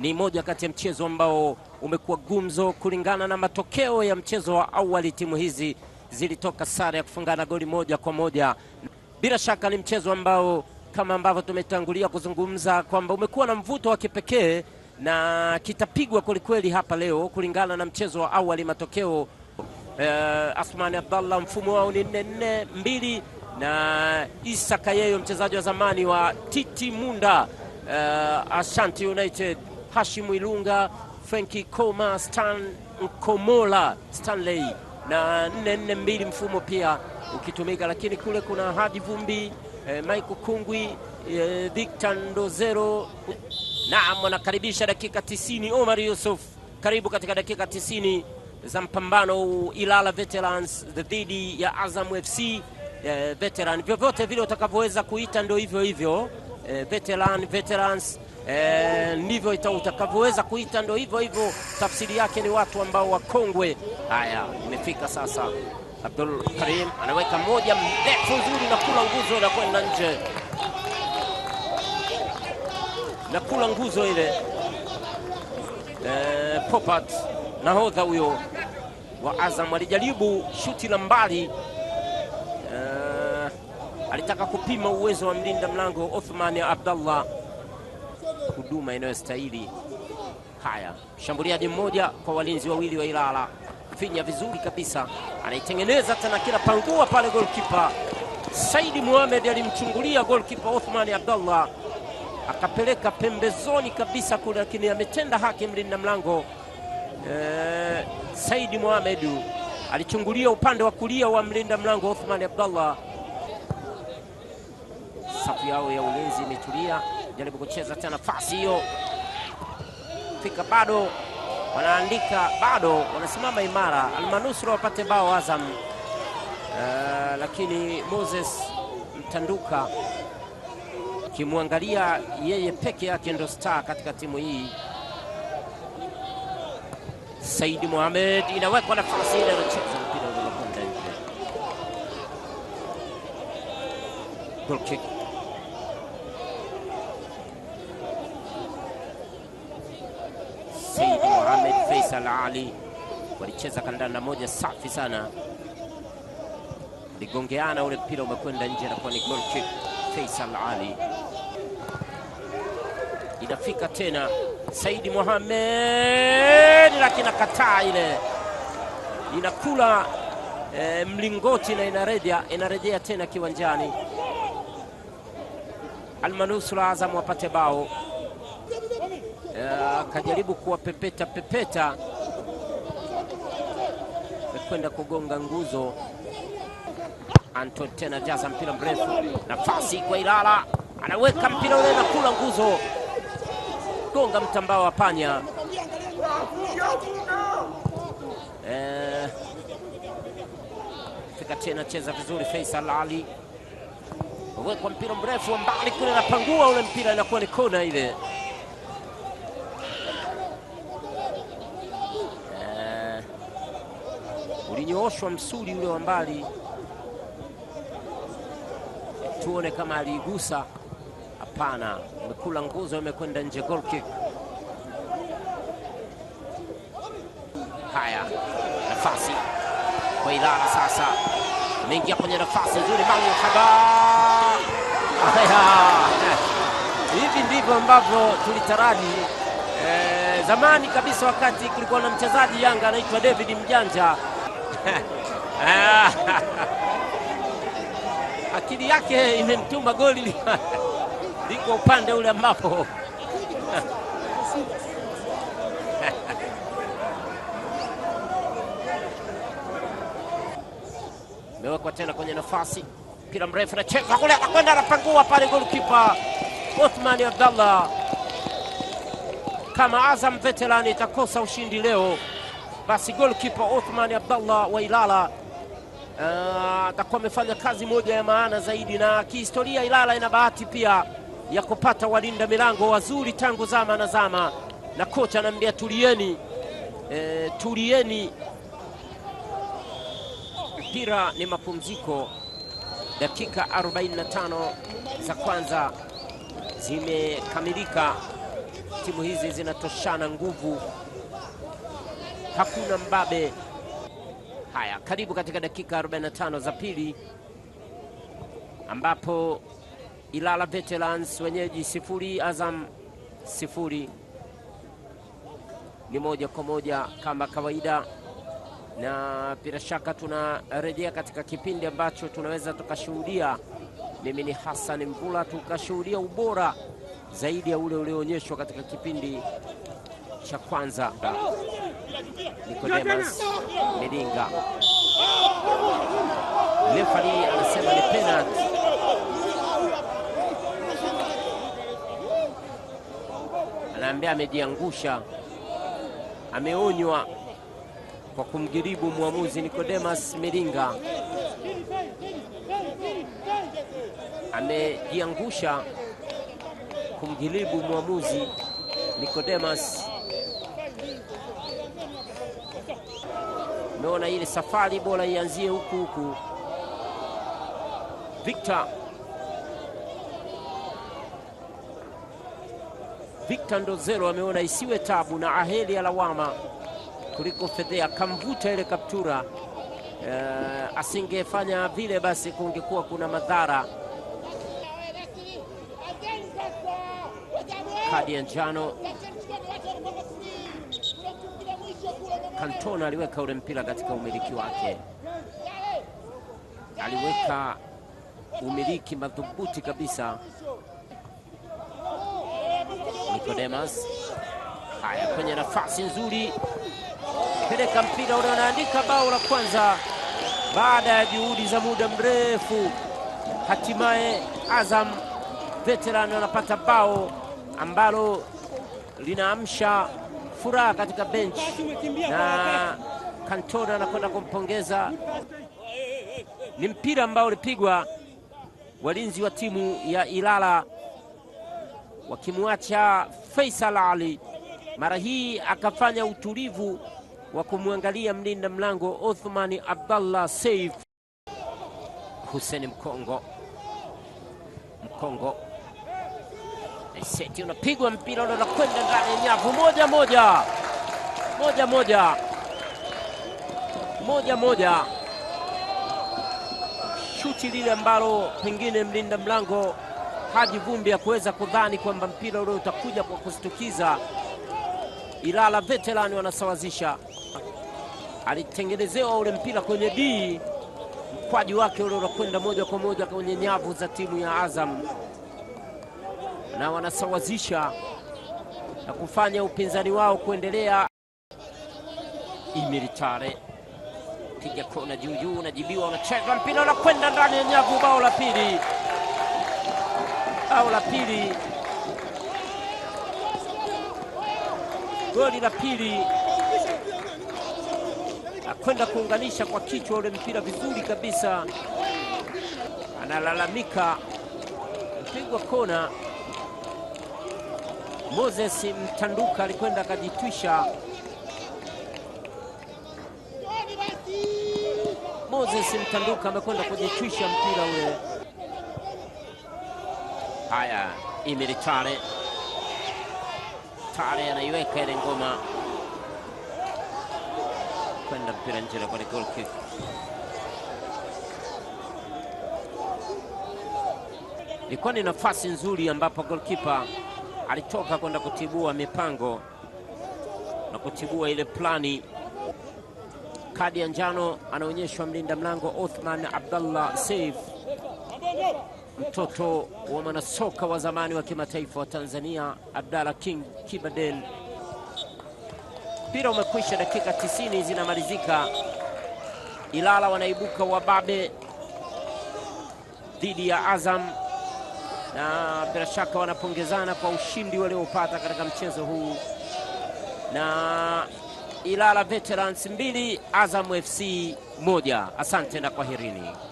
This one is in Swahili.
ni moja kati ya mchezo ambao umekuwa gumzo kulingana na matokeo ya mchezo wa awali. Timu hizi zilitoka sare ya kufungana goli moja kwa moja. Bila shaka ni mchezo ambao kama ambavyo tumetangulia kuzungumza kwamba umekuwa na mvuto wa kipekee na kitapigwa kwelikweli hapa leo kulingana na mchezo wa awali matokeo. Uh, Asmani Abdallah mfumo wao ni nne nne mbili na Isa Kayeyo mchezaji wa zamani wa Titi Munda uh, Ashanti United Hashim Ilunga, Fenki Koma, Stan Nkomola, Stanley na 442 mfumo pia ukitumika, lakini kule kuna Hadi Vumbi, eh, Mike Kungwi, eh, Victor Ndozero. Naam, wanakaribisha dakika 90. Omar Yusuf, karibu katika dakika 90 za mpambano huu Ilala Veterans dhidi ya Azam FC eh, Veteran, vyovyote vile utakavyoweza kuita, ndio hivyo hivyo eh, Veteran Veterans e, ndivyo utakavyoweza kuita, ndo hivyo hivyo tafsiri yake ni watu ambao wakongwe. Haya, imefika sasa. Abdul Karim anaweka moja mrefu nzuri na kula nguzo na kwenda nje, na kula nguzo ile. E, Popat nahodha huyo wa Azam alijaribu shuti la mbali e, alitaka kupima uwezo wa mlinda mlango Othman Abdallah huduma inayostahili. Haya, mshambuliaji mmoja kwa walinzi wawili wa Ilala, finya vizuri kabisa, anaitengeneza tena, kila pangua pale. Golkipa Saidi muhamed alimchungulia golkipa Othmani Abdallah akapeleka pembezoni kabisa kule, lakini ametenda haki mlinda mlango ee, eh, Saidi Mohamed alichungulia upande wa kulia wa mlinda mlango Othmani Abdallah. Safu yao ya ulinzi imetulia jaribu kucheza tena nafasi hiyo fika, bado wanaandika, bado wanasimama imara, almanusura wapate bao Azam. Uh, lakini Moses Mtanduka kimwangalia yeye peke yake ndo star katika timu hii. Saidi Mohamed inawekwa nafasi ile, anacheza mpira goal kick Mohamed Faisal Ali walicheza kandanda moja safi sana, ligongeana ule mpira umekwenda nje, kwa ni goal kick. Faisal Ali inafika tena, Saidi Mohamed lakini akataa ile, inakula e, mlingoti na inarejea inarejea tena kiwanjani. Almanusul Azam wapate bao. Eh, akajaribu kuwapepeta pepeta, amekwenda kugonga nguzo. Anton tena jaza mpira mrefu, nafasi kwa Ilala, anaweka mpira ule na kula nguzo, gonga mtambao wa panya. Eh, fika tena, cheza vizuri Faisal Ali, wekwa mpira mrefu mbali kule, napangua ule mpira, inakuwa ni kona ile. ulionyooshwa msuli ule wa mbali, tuone kama aliigusa. Hapana, amekula nguzo, amekwenda nje, goal kick. Haya, nafasi kwa Ilala sasa, ameingia kwenye nafasi nzuri, mahaba. Haya, hivi ndivyo ambavyo tulitaraji eh, zamani kabisa, wakati kulikuwa na mchezaji Yanga anaitwa David Mjanja. akili yake imemtuma goli liko upande ule ambapo mewekwa tena kwenye nafasi, mpira mrefu na cheza kule, anakwenda anapangua pale, golikipa Othmani Abdallah. Kama Azam veterani itakosa ushindi leo basi goalkeeper Othman Abdallah wa Ilala ah, atakuwa uh, amefanya kazi moja ya maana zaidi, na kihistoria Ilala ina bahati pia ya kupata walinda milango wazuri tangu zama na zama, na kocha anaambia tulieni, eh, tulieni, mpira ni mapumziko. Dakika 45 za kwanza zimekamilika, timu hizi zinatoshana nguvu hakuna mbabe. Haya, karibu katika dakika 45 za pili ambapo Ilala Veterans wenyeji sifuri, Azam sifuri. Ni moja kwa moja kama kawaida, na bila shaka tunarejea katika kipindi ambacho tunaweza tukashuhudia, mimi ni Hassan Mvula, tukashuhudia ubora zaidi ya ule ulioonyeshwa katika kipindi cha kwanza Nicodemus Medinga, Lefali anasema ni penalty. Anaambia amejiangusha, ameonywa kwa kumgiribu mwamuzi Nicodemus Medinga, amejiangusha kumgiribu mwamuzi Nicodemus Ameona ile safari bora ianzie huku huku. Victor Victor Ndozero ameona isiwe tabu na aheli ya lawama kuliko fedhea, kamvuta ile kaptura. Uh, asingefanya vile basi kungekuwa kuna madhara. Kadi ya njano Cantona aliweka ule mpira katika umiliki wake, aliweka umiliki madhubuti kabisa. Nicodemus, haya kwenye nafasi nzuri, peleka mpira ule, anaandika bao la kwanza baada ya juhudi za muda mrefu. Hatimaye Azam veteran wanapata bao ambalo linaamsha furaha katika benchi na kantona anakwenda kumpongeza. Ni mpira ambao ulipigwa, walinzi wa timu ya Ilala wakimwacha Faisal Ali, mara hii akafanya utulivu wa kumwangalia mlinda mlango Othmani Abdallah Saif Hussein Mkongo Mkongo Iseti, unapigwa mpira ule unakwenda ndani ya nyavu. Moja moja moja moja moja moja, shuti lile ambalo pengine mlinda mlango Haji Vumbi hakuweza kudhani kwamba mpira ule utakuja kwa kustukiza. Ilala veterani wanasawazisha, alitengenezewa ule mpira kwenye d mkwaji wake ule unakwenda moja kwa moja kwenye nyavu za timu ya Azam na wanasawazisha na kufanya upinzani wao kuendelea. Imiritare piga kona juu juu, unajibiwa, unacheza mpira unakwenda ndani ya nyavu. Bao la pili, bao la pili, goli la pili, kwenda kuunganisha kwa kichwa ule mpira vizuri kabisa, analalamika, mpigwa kona. Moses Mtanduka alikwenda akajitwisha. Moses Mtanduka amekwenda kujitwisha mpira ule. Haya, Emil Tare, Tare anaiweka ile ngoma kwenda mpira nje kwa goal kick. Ilikuwa ni nafasi nzuri ambapo goalkeeper alitoka kwenda kutibua mipango na kutibua ile plani. Kadi ya njano anaonyeshwa mlinda mlango Othman Abdallah saif mtoto wa mwanasoka wa zamani wa kimataifa wa Tanzania Abdallah King Kibadel. Mpira umekwisha, dakika 90 zinamalizika. Ilala wanaibuka wababe dhidi ya Azam na bila shaka wanapongezana kwa ushindi waliopata katika mchezo huu, na Ilala Veterans mbili Azam FC moja. Asante na kwaherini.